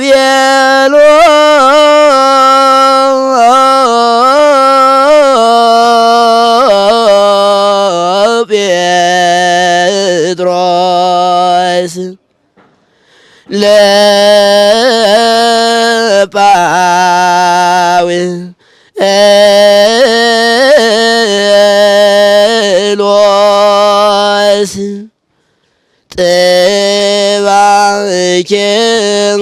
ቤሎ ጴጥሮስ ለጳዊ ኤሎስ ذكرك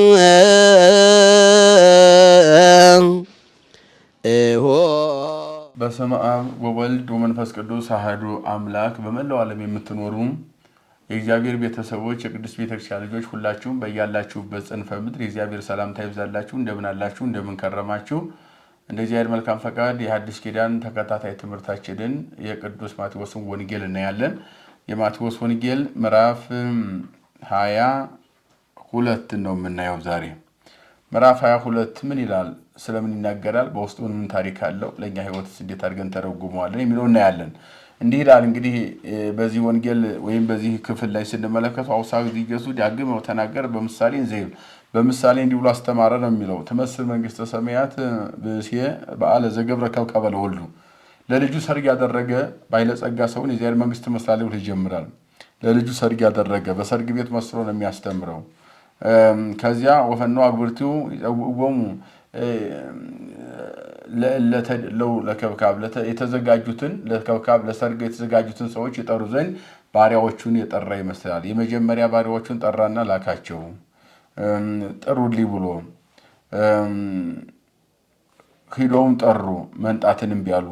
በስመ አብ ወወልድ ወመንፈስ ቅዱስ አሐዱ አምላክ። በመላው ዓለም የምትኖሩ የእግዚአብሔር ቤተሰቦች የቅዱስ ቤተክርስቲያን ልጆች ሁላችሁም በያላችሁበት ጽንፈ ምድር የእግዚአብሔር ሰላምታ ይብዛላችሁ። እንደምናላችሁ፣ እንደምንከረማችሁ እንደ እግዚአብሔር መልካም ፈቃድ የሐዲስ ኪዳን ተከታታይ ትምህርታችንን የቅዱስ ማቴዎስን ወንጌል እናያለን። የማቴዎስ ወንጌል ምዕራፍ ሀያ ሁለትን ነው የምናየው ዛሬ። ምዕራፍ 22 ምን ይላል? ስለምን ይናገራል? በውስጡ ምን ታሪክ አለው? ለእኛ ህይወትስ እንዴት አድርገን ተረጉመዋለን? የሚለው እናያለን። እንዲህ ይላል እንግዲህ በዚህ ወንጌል ወይም በዚህ ክፍል ላይ ስንመለከቱ አውሳግ ኢየሱስ ዲያግመው ተናገር በምሳሌ ዘይብ በምሳሌ እንዲህ ብሎ አስተማረ ነው የሚለው ትመስል መንግስተ ሰማያት ብእሴ በዓለ ዘገብረ ከብቀበለ ሁሉ ለልጁ ሰርግ ያደረገ ባለጸጋ ሰውን የእግዚአብሔር መንግስት ትመስላለች ብሎ ይጀምራል። ለልጁ ሰርግ ያደረገ በሰርግ ቤት መስሎ ነው የሚያስተምረው። ከዚያ ወፈኖ አግብርቲው ይጸውዕዎሙ ለእለተድለው ለከብካብ የተዘጋጁትን ለከብካብ ለሰርግ የተዘጋጁትን ሰዎች ይጠሩ ዘንድ ባሪያዎቹን የጠራ ይመስላል። የመጀመሪያ ባሪያዎቹን ጠራና ላካቸው ጥሩልኝ ብሎ ሂዶውም ጠሩ መንጣትን እምቢ አሉ።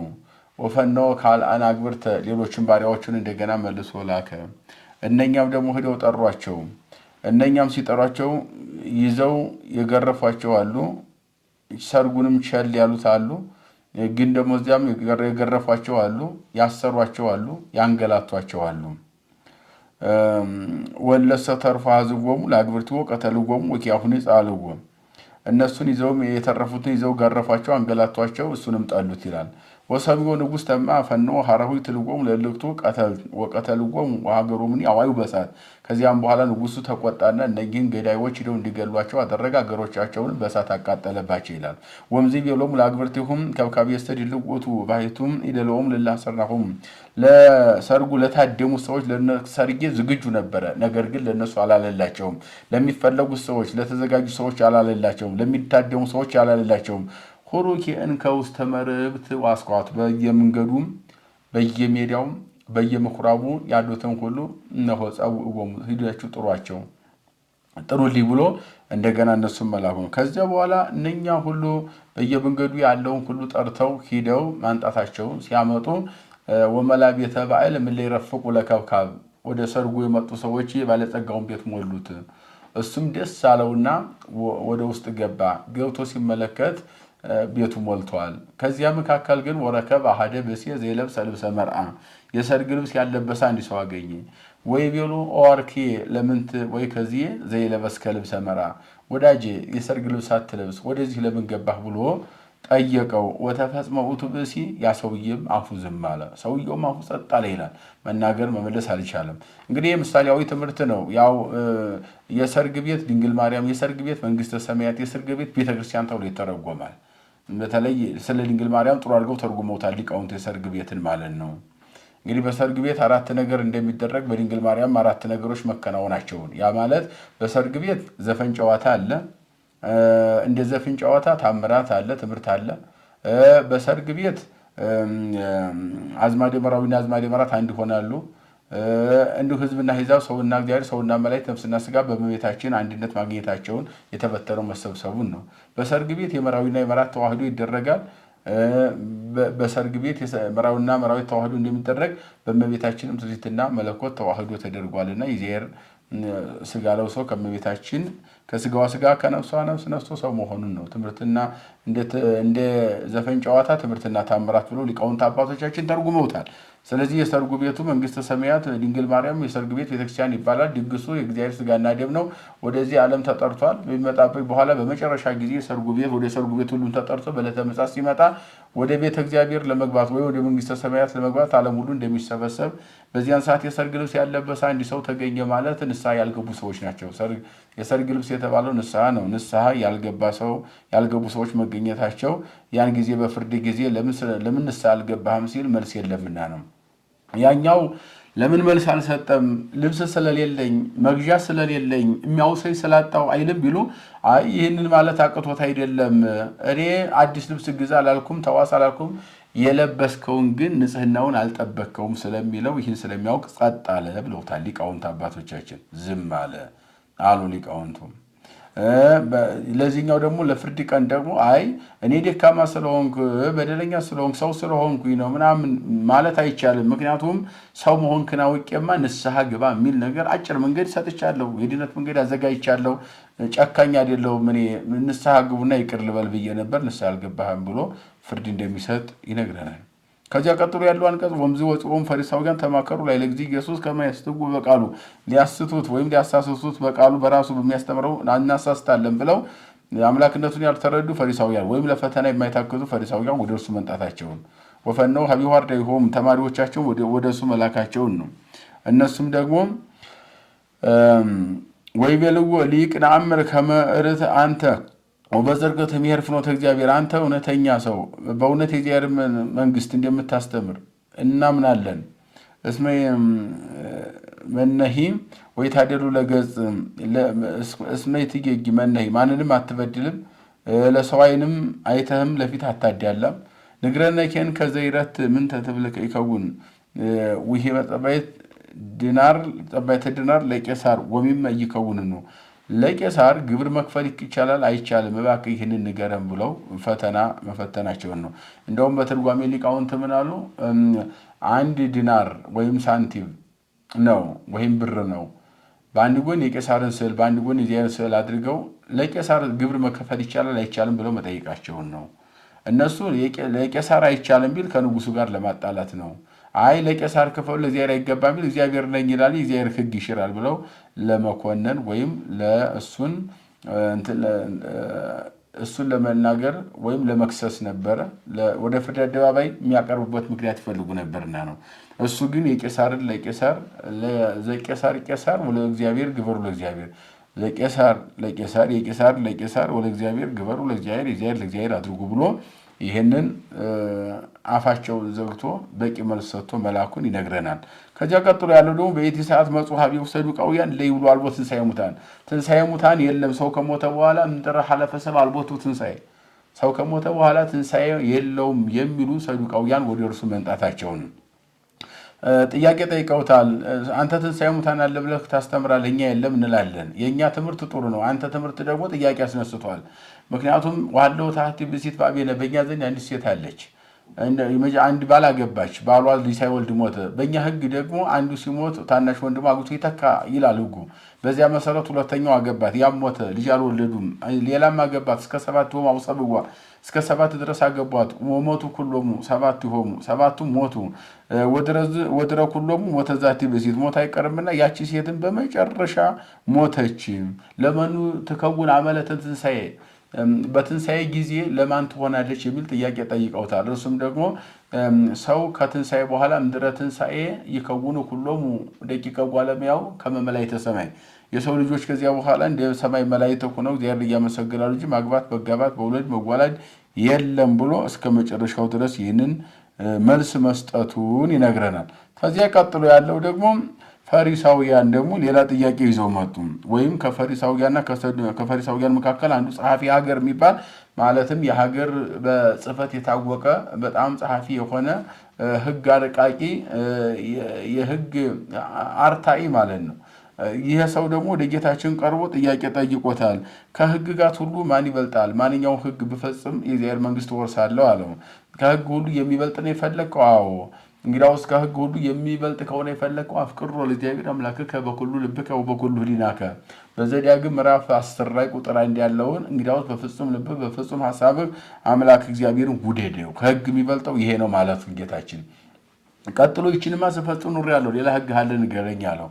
ወፈኖ ካልአን አግብርተ ሌሎችን ባሪያዎቹን እንደገና መልሶ ላከ። እነኛም ደግሞ ሂደው ጠሯቸው። እነኛም ሲጠሯቸው ይዘው የገረፏቸው አሉ። ሰርጉንም ቸል ያሉት አሉ። ግን ደግሞ እዚያም የገረፏቸው አሉ፣ ያሰሯቸው አሉ፣ ያንገላቷቸው አሉ። ወለሰ ተርፋ አዝጎሙ ለአግብርቲዎ ቀተልጎሙ ወኪያሁን ጻልጎም እነሱን ይዘውም የተረፉትን ይዘው ገረፏቸው፣ አንገላቷቸው፣ እሱንም ጠሉት ይላል። ወሰብዮ ንጉሥ ተማ ፈኖ ሀረሁይ ትልጎም ለልክቶ ቀተል ወቀተልጎም ምኒ አዋዩ በሳት። ከዚያም በኋላ ንጉሱ ተቆጣና እነጊን ገዳዮች ሂደው እንዲገሏቸው አደረገ። አገሮቻቸውን በሳት አቃጠለባቸው ይላል። ወምዚ ቤሎም ለአግብርቲሁም ከብካቢ የስተድ ልቁቱ ባይቱም ይደለውም ልላሰርናሁም ለሰርጉ ለታደሙ ሰዎች ለሰርጌ ዝግጁ ነበረ። ነገር ግን ለእነሱ አላለላቸውም። ለሚፈለጉት ሰዎች ለተዘጋጁ ሰዎች አላለላቸውም። ለሚታደሙ ሰዎች አላለላቸውም። ኮሮኬ እንከ ውስተ መርብት ዋስኳት በየመንገዱም በየሜዳውም በየምኩራቡ ያሉትን ሁሉ እነሆ ጸውዖሙ ሂዳችሁ ጥሯቸው ጥሩልኝ ብሎ እንደገና እነሱን መላኩ ነው። ከዚያ በኋላ እነኛ ሁሉ በየመንገዱ ያለውን ሁሉ ጠርተው ሂደው ማምጣታቸውን ሲያመጡ ወመላ ቤተ ባዕል እምእለ ይረፍቁ ለከብካብ ወደ ሰርጉ የመጡ ሰዎች የባለጸጋውን ቤት ሞሉት። እሱም ደስ አለውና ወደ ውስጥ ገባ። ገብቶ ሲመለከት ቤቱ ሞልተዋል። ከዚያ መካከል ግን ወረከብ አሐደ ብእሴ ዘይለብሰ ልብሰ መርአ የሰርግ ልብስ ያለበሰ አንድ ሰው አገኘ። ወይ ቤሉ ኦዋርክዬ ለምንት ወይ ከዚህ ዘይለበስከ ልብሰ መርአ ወዳጄ የሰርግ ልብስ አትለብስ ወደዚህ ለምን ገባህ ብሎ ጠየቀው። ወተፈጽመ ውእቱ ብእሲ ያ ሰውዬም አፉ ዝም አለ። ሰውየውም አፉ ጸጥ አለ ይላል። መናገር መመለስ አልቻለም። እንግዲህ ምሳሌያዊ ትምህርት ነው። ያው የሰርግ ቤት ድንግል ማርያም፣ የሰርግ ቤት መንግስተ ሰማያት፣ የሰርግ ቤት ቤተክርስቲያን ተብሎ ይተረጎማል። በተለይ ስለ ድንግል ማርያም ጥሩ አድርገው ተርጉመውታል ሊቃውንት የሰርግ ቤትን ማለት ነው። እንግዲህ በሰርግ ቤት አራት ነገር እንደሚደረግ በድንግል ማርያም አራት ነገሮች መከናወናቸውን ያ ማለት በሰርግ ቤት ዘፈን ጨዋታ አለ፣ እንደ ዘፈን ጨዋታ ታምራት አለ፣ ትምህርት አለ። በሰርግ ቤት አዝማዴ መራዊና አዝማዴ መራት አንድ ይሆናሉ። እንዲሁ ህዝብና ሂዛብ ሰውና እግዚአብሔር ሰውና መላእክት ነፍስና ስጋ በእመቤታችን አንድነት ማግኘታቸውን የተበተነው መሰብሰቡን ነው። በሰርግ ቤት የመራዊና የመራት ተዋህዶ ይደረጋል። በሰርግ ቤት መራዊና መራዊ ተዋህዶ እንደሚደረግ በእመቤታችንም ትሪትና መለኮት ተዋህዶ ተደርጓልና የእግዚአብሔር ስጋ ለብሶ ከእመቤታችን ከስጋዋ ስጋ ከነፍሷ ነፍስ ነስቶ ሰው መሆኑን ነው። ትምህርትና እንደ ዘፈን ጨዋታ ትምህርትና ታምራት ብሎ ሊቃውንት አባቶቻችን ተርጉመውታል። ስለዚህ የሰርጉ ቤቱ መንግስተ ሰማያት ድንግል ማርያም የሰርግ ቤት ቤተክርስቲያን ይባላል። ድግሱ የእግዚአብሔር ስጋና ደም ነው። ወደዚህ ዓለም ተጠርቷል። በሚመጣበት በኋላ በመጨረሻ ጊዜ ሰርጉ ቤት ወደ ሰርጉ ቤት ሁሉም ተጠርቶ በዕለተ ምጽአት ሲመጣ ወደ ቤተ እግዚአብሔር ለመግባት ወይ ወደ መንግስተ ሰማያት ለመግባት ዓለም ሁሉ እንደሚሰበሰብ በዚያን ሰዓት የሰርግ ልብስ ያለበሰ አንድ ሰው ተገኘ ማለት ንስሐ ያልገቡ ሰዎች ናቸው። የሰርግ ልብስ የተባለው ንስሐ ነው። ንስሐ ያልገባ ሰው ያልገቡ ሰዎች መገኘታቸው ያን ጊዜ በፍርድ ጊዜ ለምን ንስሐ አልገባህም ሲል መልስ የለምና ነው ያኛው ለምን መልስ አልሰጠም? ልብስ ስለሌለኝ፣ መግዣ ስለሌለኝ፣ የሚያውሰኝ ስላጣው አይልም ቢሉ አይ ይህንን ማለት አቅቶት አይደለም፣ እኔ አዲስ ልብስ ግዛ አላልኩም፣ ተዋስ አላልኩም፣ የለበስከውን ግን ንጽህናውን አልጠበቅከውም ስለሚለው ይህን ስለሚያውቅ ጸጥ አለ ብለውታል ሊቃውንት አባቶቻችን። ዝም አለ አሉ ሊቃውንቱም። ለዚህኛው ደግሞ ለፍርድ ቀን ደግሞ አይ እኔ ደካማ ስለሆንኩ በደለኛ ስለሆንኩ ሰው ስለሆንኩ ነው ምናምን ማለት አይቻልም። ምክንያቱም ሰው መሆንክን አውቄማ ንስሐ ግባ የሚል ነገር አጭር መንገድ ሰጥቻለሁ፣ የድነት መንገድ አዘጋጅቻለሁ። ጨካኝ አይደለሁም እኔ ንስሐ ግቡና ይቅር ልበል ብዬ ነበር፣ ንስሐ አልገባህም ብሎ ፍርድ እንደሚሰጥ ይነግረናል። ከዚያ ቀጥሎ ያለው አንቀጽ ወምዝ ወጽሮም ፈሪሳውያን ተማከሩ ላይ ለጊዜ ኢየሱስ ከማያስትጉ በቃሉ ሊያስቱት ወይም ሊያሳስሱት በቃሉ በራሱ በሚያስተምረው እናሳስታለን ብለው አምላክነቱን ያልተረዱ ፈሪሳውያን ወይም ለፈተና የማይታክቱ ፈሪሳውያን ወደ እርሱ መምጣታቸውን ወፈነው ሀቢሁ አርዳኢሆሙ ተማሪዎቻቸውን ወደ እሱ መላካቸውን ነው። እነሱም ደግሞ ወይቤልዎ ሊቅ ነአምር ከመ እርት አንተ ወበዘርገ ተሚሄር ፍኖተ እግዚአብሔር አንተ እውነተኛ ሰው በእውነት የእግዚአብሔር መንግስት እንደምታስተምር እናምናለን። እስመ መነሂ ወይታደሉ ለገጽ እስመ ትጌጊ መነሂ ማንንም አትበድልም፣ ለሰው ዓይንም አይተህም ለፊት አታዳላም። ንግረነ ኬን ከዘይረት ምን ተትብልክ ይከውን ውሄ መጸባየት ዲናር ጠባይተ ዲናር ለቄሳር ወሚመ ይከውን ነው ለቄሳር ግብር መክፈል ይቻላል አይቻልም፣ እባክህ ይህንን ንገረን ብለው ፈተና መፈተናቸውን ነው። እንደውም በትርጓሜ ሊቃውንት ምን አሉ? አንድ ዲናር ወይም ሳንቲም ነው ወይም ብር ነው። በአንድ ጎን የቄሳርን ስዕል፣ በአንድ ጎን የዚያን ስዕል አድርገው ለቄሳር ግብር መከፈል ይቻላል አይቻልም ብለው መጠየቃቸውን ነው። እነሱ ለቄሳር አይቻልም ቢል ከንጉሱ ጋር ለማጣላት ነው። አይ ለቄሳር ክፈሉ ለእግዚአብሔር አይገባም ቢል እግዚአብሔር ነኝ ይላል፣ እግዚአብሔር ሕግ ይሽራል ብለው ለመኮነን ወይም ለእሱን እሱን ለመናገር ወይም ለመክሰስ ነበረ። ወደ ፍርድ አደባባይ የሚያቀርቡበት ምክንያት ይፈልጉ ነበርና ነው። እሱ ግን የቄሳርን ለቄሳር ዘቄሳር ቄሳር ወደ እግዚአብሔር ግበሩ ለእግዚአብሔር ለቄሳር ለቄሳር የቄሳር ለቄሳር ወደ እግዚአብሔር ግበሩ ለእግዚአብሔር የእግዚአብሔር ለእግዚአብሔር አድርጉ ብሎ ይህንን አፋቸውን ዘግቶ በቂ መልስ ሰጥቶ መላኩን ይነግረናል። ከዚያ ቀጥሎ ያለው ደግሞ በየቲ ሰዓት መጽሐፍ የወሰዱ ቀውያን ለይብሉ አልቦ ትንሣኤ ሙታን ትንሣኤ ሙታን የለም። ሰው ከሞተ በኋላ ምንጥረ ሐለፈሰብ አልቦቱ ትንሣኤ ሰው ከሞተ በኋላ ትንሣኤ የለውም የሚሉ ሰዱቃውያን ወደ እርሱ መምጣታቸውን ጥያቄ ጠይቀውታል። አንተ ትንሣኤ ሙታን አለ ብለህ ታስተምራለህ፣ እኛ የለም እንላለን። የእኛ ትምህርት ጥሩ ነው፣ አንተ ትምህርት ደግሞ ጥያቄ አስነስቷል። ምክንያቱም ዋለው ታህቲ ብእሲት በአቤነ በእኛ ዘንድ አንዲት ሴት አለች አንድ ባላገባች ባሏ ልጅ ሳይወልድ ሞተ። በእኛ ህግ ደግሞ አንዱ ሲሞት ታናሽ ወንድሙ አግብቶ ይተካ ይላል ህጉ። በዚያ መሰረት ሁለተኛው አገባት፣ ያም ሞተ፣ ልጅ አልወለዱም። ሌላም አገባት እስከ ሰባት ሆሙ አውፀብዋ እስከ ሰባት ድረስ አገቧት። ወሞቱ ኩሎሙ ሰባት ሆሙ፣ ሰባቱም ሞቱ። ወድረ ኩሎሙ ሞተ ዛቲ ብእሲት ሞት አይቀርምና ያቺ ሴትን በመጨረሻ ሞተች። ለመኑ ትከውን አመለተን ትንሳኤ በትንሣኤ ጊዜ ለማን ትሆናለች የሚል ጥያቄ ጠይቀውታል። እርሱም ደግሞ ሰው ከትንሣኤ በኋላ ምድረ ትንሣኤ ይከውኑ ሁሎሙ ደቂቀ ጓለሙያው ከመ መላእክተ ሰማይ የሰው ልጆች ከዚያ በኋላ እንደ ሰማይ መላእክት ሆነው እግዚአብሔር እያመሰግናሉ እንጂ ማግባት፣ መጋባት፣ መውለድ፣ መጓላድ የለም ብሎ እስከ መጨረሻው ድረስ ይህንን መልስ መስጠቱን ይነግረናል። ከዚያ ቀጥሎ ያለው ደግሞ ፈሪሳውያን ደግሞ ሌላ ጥያቄ ይዘው መጡ። ወይም ከፈሪሳውያንና ከፈሪሳውያን መካከል አንዱ ጸሐፊ ሀገር የሚባል ማለትም የሀገር በጽሕፈት የታወቀ በጣም ጸሐፊ የሆነ ህግ አርቃቂ የህግ አርታኢ ማለት ነው። ይህ ሰው ደግሞ ወደ ጌታችን ቀርቦ ጥያቄ ጠይቆታል። ከሕግጋት ሁሉ ማን ይበልጣል? ማንኛውም ህግ ብፈጽም የእግዚአብሔር መንግስት ወርሳለሁ አለው። ከህግ ሁሉ የሚበልጥ ነው የፈለግከው? አዎ እንግዲያውስ ከሕግ ሁሉ የሚበልጥ ከሆነ የፈለግከው አፍቅሮ ለእግዚአብሔር አምላክ ከበኩሉ ልብከ ወበኩሉ ህሊናከ በዘዳግም ምዕራፍ አስር ላይ ቁጥር አንድ ያለውን እንግዲያውስ በፍጹም ልብ በፍጹም ሀሳብ አምላክ እግዚአብሔርን ውደደው። ከሕግ የሚበልጠው ይሄ ነው ማለት ጌታችን። ቀጥሎ ይችንማ ስፈጽም ኑር ያለው ሌላ ሕግ አለ ንገረኝ አለው።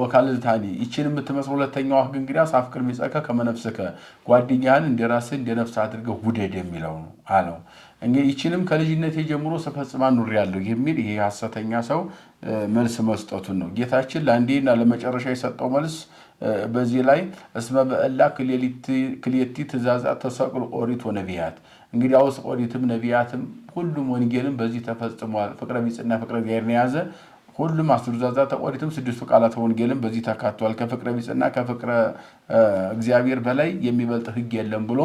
ወካልልታኒ ይችን የምትመስል ሁለተኛው ሕግ እንግዲያውስ አፍቅር ሚጸከ ከመነፍስከ ጓደኛህን እንደራስህ እንደነፍስ አድርገህ ውደድ የሚለው አለው። እንግዲህ ይችንም ከልጅነቴ ጀምሮ ስፈጽማ ኑሬያለሁ የሚል ይሄ ሐሰተኛ ሰው መልስ መስጠቱን ነው። ጌታችን ለአንዴና ለመጨረሻ የሰጠው መልስ በዚህ ላይ እስመ በዕላ ክሌቲ ትእዛዛት ተሰቅል ኦሪት ነቢያት እንግዲህ አውስ ኦሪትም ነቢያትም ሁሉም ወንጌልም በዚህ ተፈጽሟል። ፍቅረ ቢጽና ፍቅረ እግዚአብሔርን የያዘ ሁሉም አስሩ ትእዛዛት ኦሪትም ስድስቱ ቃላት ወንጌልም በዚህ ተካቷል። ከፍቅረ ቢጽና ከፍቅረ እግዚአብሔር በላይ የሚበልጥ ሕግ የለም ብሎ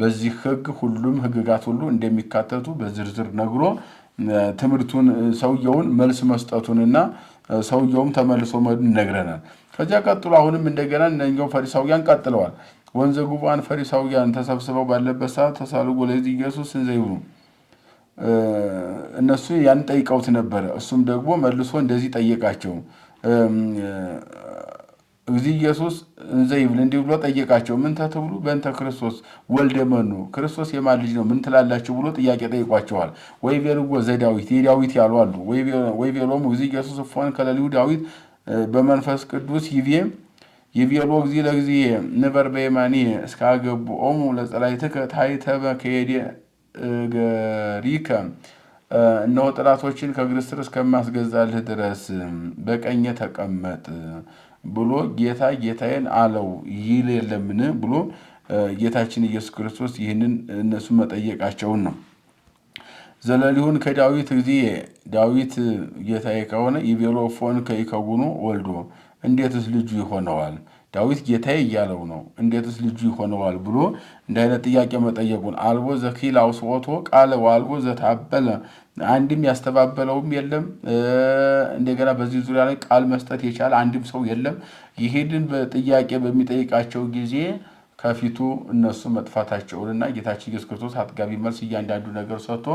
በዚህ ህግ ሁሉም ህግጋት ሁሉ እንደሚካተቱ በዝርዝር ነግሮ ትምህርቱን ሰውየውን መልስ መስጠቱንና ሰውየውም ተመልሶ መሄዱን ይነግረናል። ከዚያ ቀጥሎ አሁንም እንደገና እነኛው ፈሪሳውያን ቀጥለዋል። ወንዘ ጉባን ፈሪሳውያን ተሰብስበው ባለበት ሰዓት ተሳልጎ ለዚህ ኢየሱስ እንዘ ይሁኑ እነሱ ያን ጠይቀውት ነበረ። እሱም ደግሞ መልሶ እንደዚህ ጠየቃቸው እግዚእ ኢየሱስ እንዘ ይብል እንዲህ ብሎ ጠየቃቸው። ምን ተትብሉ በእንተ ክርስቶስ ወልደ መኑ፣ ክርስቶስ የማን ልጅ ነው ምን ትላላችሁ ብሎ ጥያቄ ጠይቋቸዋል። ወይ ቤልዎ ዘዳዊት የዳዊት ያሉ አሉ። ወይ ቤሎሙ እግዚእ ኢየሱስ እፎን ከለልዩ ዳዊት በመንፈስ ቅዱስ ይቤ ይቤሎ እግዚእ ለእግዚእ ንበር በየማንየ እስከ አገብኦሙ ለጸላእትከ ታሕተ በከየዴ እገሪከ እነሆ ጠላቶችን ከእግርህ ስር እስከማስገዛልህ ድረስ በቀኘ ተቀመጥ ብሎ ጌታ ጌታዬን አለው ይል የለምን ብሎ ጌታችን ኢየሱስ ክርስቶስ ይህንን እነሱ መጠየቃቸውን ነው። ዘለሊሁን ከዳዊት ጊዜ ዳዊት ጌታዬ ከሆነ ይቤሎፎን ከይከውኑ ወልዶ እንዴትስ ልጁ ይሆነዋል? ዳዊት ጌታዬ እያለው ነው፣ እንዴትስ ልጁ ይሆነዋል ብሎ እንዲህ አይነት ጥያቄ መጠየቁን አልቦ ዘኪል አውስቶ ቃለ አልቦ ዘታበለ አንድም ያስተባበለውም የለም። እንደገና በዚህ ዙሪያ ላይ ቃል መስጠት የቻለ አንድም ሰው የለም። ይሄድን ጥያቄ በሚጠይቃቸው ጊዜ ከፊቱ እነሱ መጥፋታቸውንና ጌታችን ኢየሱስ ክርስቶስ አጥጋቢ መልስ እያንዳንዱ ነገር ሰጥቶ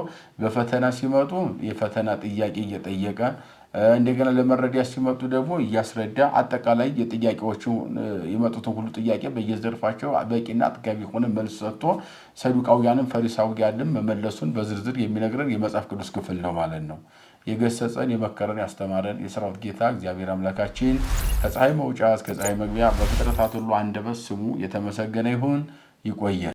በፈተና ሲመጡ የፈተና ጥያቄ እየጠየቀ እንደገና ለመረዳ ሲመጡ ደግሞ እያስረዳ አጠቃላይ የጥያቄዎቹ የመጡትን ሁሉ ጥያቄ በየዘርፋቸው በቂና አጥጋቢ የሆነ መልስ ሰጥቶ ሰዱቃውያንም ፈሪሳውያንም መመለሱን በዝርዝር የሚነግረን የመጽሐፍ ቅዱስ ክፍል ነው ማለት ነው። የገሰጸን የመከረን ያስተማረን የሰራዊት ጌታ እግዚአብሔር አምላካችን ከፀሐይ መውጫ እስከ ፀሐይ መግቢያ በፍጥረታት ሁሉ አንደበት ስሙ የተመሰገነ ይሁን። ይቆየን።